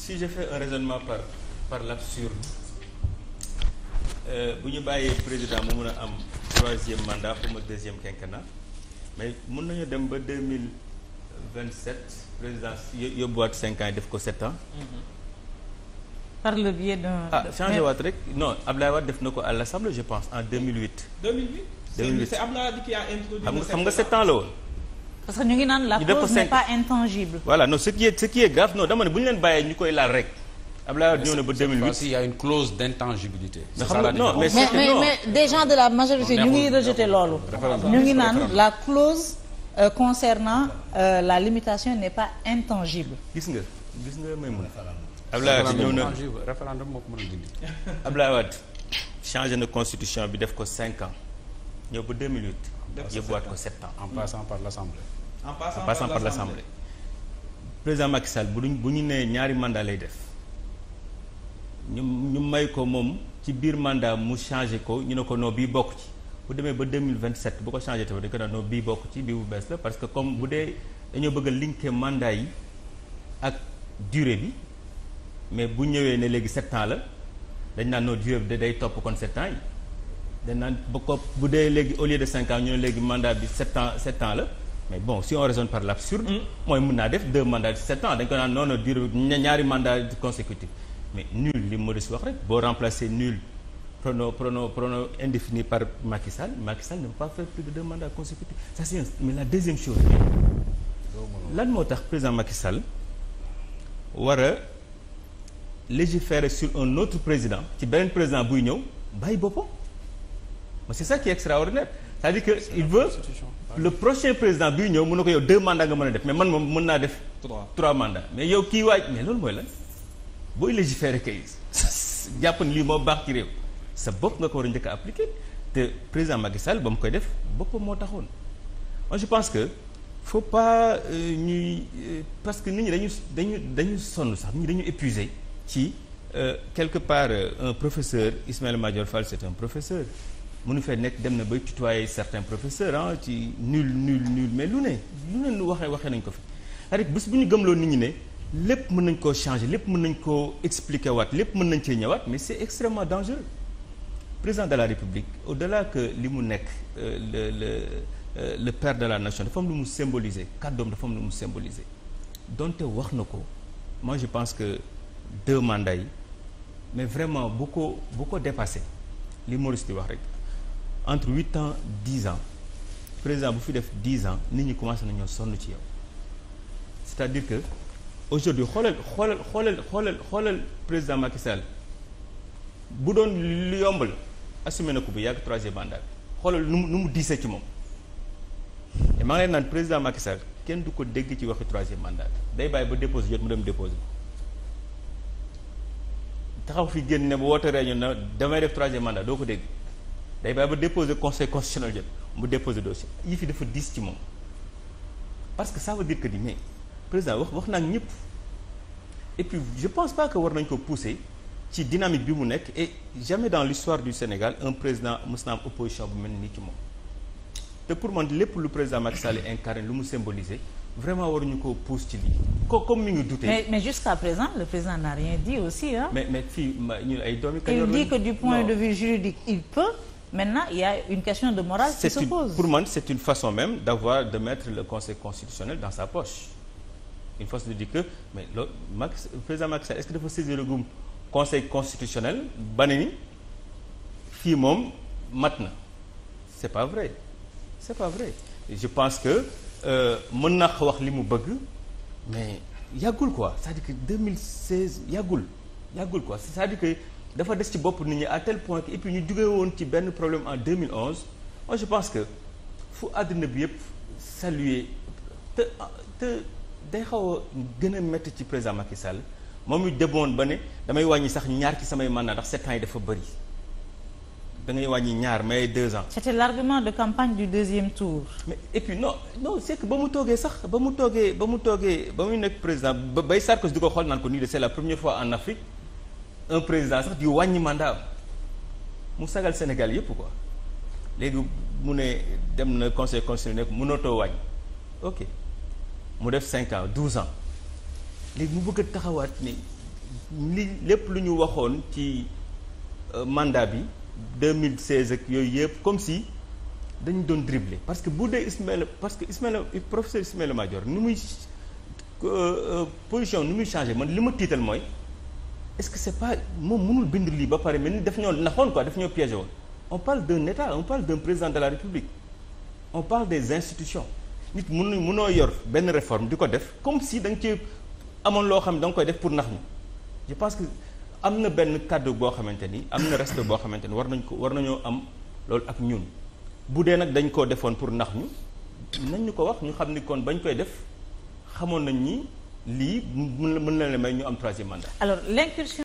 si je fais un raisonnement par par l'absurde euh, bu ñu bàyyee président mu mun a am troisième mandat pour ma deuxième na mais mun nañu dem ba deux mille vingt sept président yóbbuwaat cinq ans yi def ko sept ans. Mm-hmm. par le biais d'un ah changé waat rek non Abdoulaye Wade def na ko à l'Assemblée je pense en deux mille huit. deux mille huit. a xam nga xam nga sept ans la woon. parce que ñu ngi naan la cause n'est pas intangible. voilà non ce qui e ce qui est grave non dama ne bu ñu leen bàyyee ñu koy laal rek. Abdoulaye Wade ñëw na ba 2008 il y a une clause d'intangibilité. c'est ça la différence. mais mais mais de la majorité ñu ngi rejeté loolu. ñu ngi naan la clause euh, concernant euh, la limitation n'est pas intangible. gis nga gis nga may mun Abdoulaye Wade ñëw na référendum moo ko mën a dindi. changé na constitution bi def ko 5 ans ñëw ba 2008. def ah, ko 7 ans yóbbuwaat ko 7 ans en passant en passant, en par, par l'Assemblée président Macky Sall bu bu ñu nee ñaari mandat lay def ñu ñu may ko moom ci biir mandat mu changé ko ñu ne ko noo bii bokk ci bu demee ba 2027 bu ko changé tamit dañ ko naan non bii bokk ci bii bu bees la parce que comme bu dee dañoo bëgg a linké mandat yi ak durée bi mais bu ñëwee ne léegi 7 ans la dañ naan noo durée bi day topp kon 7 ans yi dañ naan ba ko bu dee léegi au lieu de 5 ans ñu ne léegi mandat bi 7 ans 7 ans la mais bon si on raisonne par l'absurde mm. mooy mun naa def deux mandats de sept ans dañ ko naan noonu diir ñaari mandats consécutifs mais nul li Maurice wax rek boo remplacer nul prono prono prono indéfini par Macky Sall Macky Sall ne peut pas faire plus de deux mandats consécutifs ça c'est mais la deuxième chose lan moo tax président Macky Sall war a légiférer sur un autre président ci beneen président buy ñëw bàyyi boppam mais c'est ça qui extraordinaire c'est-à-dire que il veut le prochain président bi ñëw mën na ko yow deux mandats nga mën a def mais man moom mën naa def. trois mandats mais yow kii waaj mais loolu mooy lan booy légiférer kay jàpp ne lii moo baax ci réew sa bopp nga ko war a njëkk a te président Macky Sall ba mu koy def boppam moo taxoon. moi je pense que faut pas euh, ñuy euh, parce que nit ñi dañu dañu dañu sonn sax nit ñi dañu épuisé ci euh, quelque part euh, un professeur Ismaël Madior Fall c'est un professeur. mënu fee nekk dem na bay tutoyer certains professeurs ah ci nul nul nul mais lu ne lu ne lu waxee waxee nañ ko fi rek bés bu ñu gëmloo nit ñi ne lépp mën nañ koo changer lépp mën nañ koo expliquer waat lépp mën nañ cee ñëwaat mais c'est extrêmement dangereux président de la République au-delà que li mu nekk euh, le le euh, le père de la nation dafa am lu mu symboliser kàddoom dafa am lu mu symboliser donte wax na ko moi je pense que deux mandats yi mais vraiment bu ko bu ko dépassé li Maurice di wax rek entre huit ans dix ans président bu fi def dix ans nit ñi commencé nañoo sonn ci yow c'est-à-dire que aujourd'hui xoolal xoolal xoolal xoolal xoolal président Macky bu doon lu yomb la assumé na ko bi yàgg troisième mandat xoolal nu mu nu mu diisee ci moom te maa ngi naan président Macky Sall kenn du ko dégg ci waxi troisième mandat day bàyyi ba déposé jot mu dem déposé taxaw fi génn ne bu woote réunion na damay def troisième mandat doo ko dégg. day bàyyi ba déposer conseil constitutionnel jot mu déposer dossier yi fi dafa diis ci moom parce que ça veut dire que ni mais président wax wax naa ñëpp et puis je pense pas que war nañ ko pousser ci dynamique bi mu nekk et jamais dans l'histoire du Sénégal un président mës na am opposition bu mel nii ci moom te pour man lépp lu président Macky Sall incarne lu mu symboliser vraiment ñu ko pousse ci lii ko comme mi ngi douté. mais mais jusqu'à présent président n'a rien dit Maintenant, il y a une question de morale qui se une, pose. Pour moi, c'est une façon même d'avoir de mettre le Conseil constitutionnel dans sa poche. Une fois de dire que mais le, Max, le président Macky Sall est-ce que dafa saisir le Conseil constitutionnel ba ne ni fii moom mat na c'est pas vrai c'est pas vrai je pense que euh, mën na wax li mu bëgg mais yàggul quoi c'est-à-dire que 2016 yàggul yàggul quoi c'est-à-dire que dafa des ci bopp nit ñi à tel point que et ñu jugee woon ci benn problème en 2011 moi je pense que fu àddina bi yëpp saluer te day xaw a gën a métti ci président Macky Sall moom it demoon ba ne damay wàññi sax ñaar ci samay mandat ndax sept ans yi dafa bëri da ngay wàññi ñaar mais deux ans. c'était l'argument de campagne du deuxième tour. mais et puis non non c'est ba mu toogee sax ba mu toogee ba mu toogee ba muy nekk président ba bay Sarkozy di ko xool fois en Afrique. un président sax di wàññi mandat mu sagal Sénégal yëpp ko léegi mu ne dem na conseil constitutionnel nekk mënatoo wàññi ok mu def cinq ans douze ans léegi mu bëgg a taxawaat ni li lépp lu ñu waxoon ci euh, mandat bi 2016 ak yooyu yëpp comme si dañu doon dribbler parce que bu dee Ismaïla parce que Ismaïla professeur Ismaïla Madior ni muy euh, euh, position ni muy changé man li ma tiital mooy. est-ce que c'est pas moom mënul bind lii ba pare mel ni daf ñoo naxoon quoi daf ñoo piégé woon on parle d'un état on parle d'un président de la république on parle des institutions nit mënu mënoo yor benn réforme di ko def comme si danga nga ci amoon loo xam ne da nga koy def pour nax ñu je pense que am na benn kàddu boo xamante ni am na respect boo xamante ni war nañ ko war nañoo am loolu ak ñun bu dee nag dañ koo defoon pour nax ñu nañ ñu ko wax ñu xam ni kon bañ koy def xamoon nañ ni lii mën na mën na leen may ñu am troisième mandat. alors l'incursion